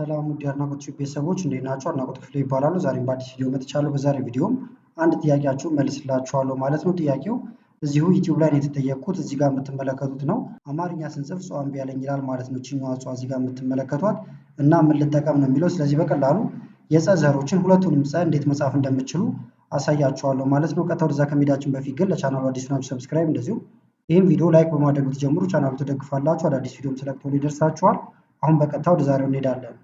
ሰላም ውድ የአድናቆት ቤተሰቦች እንዴት ናቸው? አድናቆት ክፍሌ ይባላሉ። ዛሬም በአዲስ ቪዲዮ መጥቻለሁ። በዛሬ ቪዲዮም አንድ ጥያቄያችሁ መልስላችኋለሁ ማለት ነው። ጥያቄው እዚሁ ዩቲዩብ ላይ ነው የተጠየቅኩት። እዚህ ጋር የምትመለከቱት ነው። አማርኛ ስንጽፍ ጸዋን ቢያለኝ ይላል ማለት ነው። ችኛዋ ጸዋ እዚህ ጋር የምትመለከቷት እና ምን ልጠቀም ነው የሚለው። ስለዚህ በቀላሉ የጸ ዘሮችን ሁለቱንም ጸ እንዴት መጻፍ እንደምችሉ አሳያችኋለሁ ማለት ነው። ቀጥታ ወደዛ ከመሄዳችን በፊት ግን ለቻናሉ አዲስ ናችሁ ሰብስክራይብ፣ እንደዚሁ ይህም ቪዲዮ ላይክ በማድረግ ብትጀምሩ ቻናሉ ትደግፋላችሁ። አዳዲስ ቪዲዮም ስለቅቶ ይደርሳችኋል። አሁን በቀጥታ ወደ ዛሬው እንሄዳለን።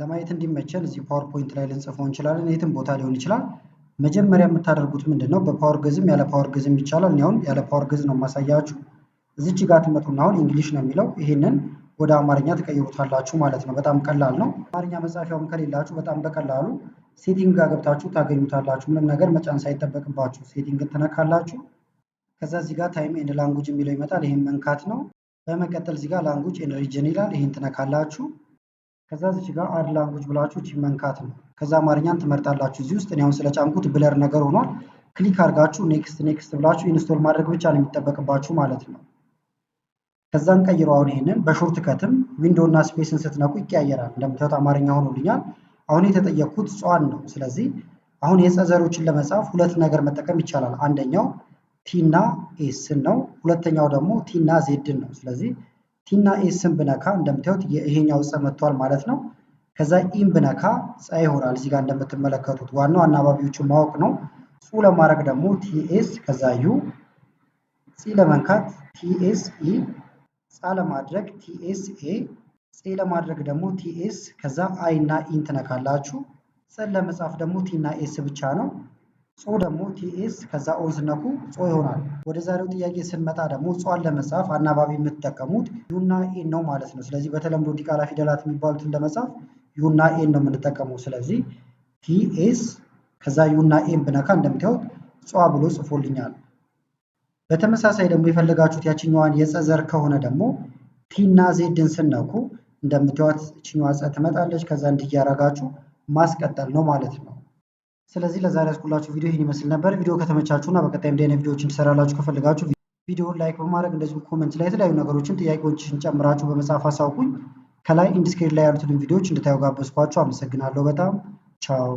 ለማየት እንዲመቸን እዚህ ፓወርፖይንት ላይ ልንጽፈው እንችላለን። የትም ቦታ ሊሆን ይችላል። መጀመሪያ የምታደርጉት ምንድን ነው? በፓወር ገዝም ያለ ፓወር ገዝም ይቻላል። እኔ አሁን ያለ ፓወር ገዝ ነው የማሳያችሁ። እዚች ጋር ትመጡና አሁን እንግሊሽ ነው የሚለው ይህንን ወደ አማርኛ ትቀይሩታላችሁ ማለት ነው። በጣም ቀላል ነው። አማርኛ መጻፊያውም ከሌላችሁ በጣም በቀላሉ ሴቲንግ ጋር ገብታችሁ ታገኙታላችሁ። ምንም ነገር መጫን ሳይጠበቅባችሁ ሴቲንግ ትነካላችሁ። ከዛ እዚህ ጋር ታይም ኤንድ ላንጉጅ የሚለው ይመጣል። ይህም መንካት ነው። በመቀጠል እዚህ ጋር ላንጉጅ ኤንድ ሪጅን ይላል። ይህን ትነካላችሁ። ከዛ እዚህ ጋር አድ ላንጉጅ ብላችሁ እቺ መንካት ነው። ከዛ አማርኛን ትመርጣላችሁ። እዚህ ውስጥ እኔ አሁን ስለጫንኩት ብለር ነገር ሆኗል። ክሊክ አድርጋችሁ ኔክስት ኔክስት ብላችሁ ኢንስቶል ማድረግ ብቻ ነው የሚጠበቅባችሁ ማለት ነው። ከዛን ቀይሮ አሁን ይሄንን በሾርት ከትም ዊንዶው እና ስፔስን ስትነቁ ይቀያየራል። እንደምታዩት አማርኛ ሆኖልኛል። አሁን የተጠየቅኩት ጿን ነው። ስለዚህ አሁን የጸዘሮችን ለመጻፍ ሁለት ነገር መጠቀም ይቻላል። አንደኛው ቲና ኤስ ኤስን ነው። ሁለተኛው ደግሞ ቲና ዜድ ዜድን ነው። ስለዚህ ቲና እና ኤስን ብነካ እንደምታዩት ይሄኛው ፀ መጥቷል ማለት ነው። ከዛ ኢን ብነካ ፀ ይሆናል እዚህ ጋር እንደምትመለከቱት ዋናው አናባቢዎቹን ማወቅ ነው። ጹ ለማድረግ ደግሞ ቲኤስ ከዛ ዩ፣ ጺ ለመንካት ቲኤስ ኢ፣ ጻ ለማድረግ ቲኤስ ኤ፣ ጼ ለማድረግ ደግሞ ቲኤስ ከዛ አይ እና ኢን ትነካላችሁ። ፀን ለመጻፍ ደግሞ ቲና ኤስ ብቻ ነው። ጾ ደግሞ ቲኤስ ከዛ ኦ ስነኩ ጾ ይሆናል። ወደ ዛሬው ጥያቄ ስንመጣ ደግሞ ጿን ለመጻፍ አናባቢ የምትጠቀሙት ዩና ኤን ነው ማለት ነው። ስለዚህ በተለምዶ ዲቃላ ፊደላት የሚባሉትን ለመጻፍ ዩና ኤን ነው የምንጠቀመው። ስለዚህ ቲኤስ ከዛ ዩና ኤን ብነካ እንደምታዩት ጿ ብሎ ጽፎልኛል። በተመሳሳይ ደግሞ የፈለጋችሁት ያችኛዋን የጸዘር ከሆነ ደግሞ ቲና ዜድን ስነኩ እንደምታዩት ችኛዋ ጸ ትመጣለች። ከዛ እንዲያረጋችሁ ማስቀጠል ነው ማለት ነው። ስለዚህ ለዛሬ ያስኩላችሁ ቪዲዮ ይህን ይመስል ነበር። ቪዲዮ ከተመቻችሁ እና በቀጣይ እንዲህ አይነት ቪዲዮዎችን እንሰራላችሁ ከፈልጋችሁ ቪዲዮውን ላይክ በማድረግ እንደዚሁ ኮመንት ላይ የተለያዩ ነገሮችን ጥያቄዎችን ጨምራችሁ በመጻፍ አሳውቁኝ። ከላይ ኢንዲስክሪን ላይ ያሉትን ቪዲዮዎች እንድታዩ ጋበዝኳችሁ። አመሰግናለሁ በጣም ቻው።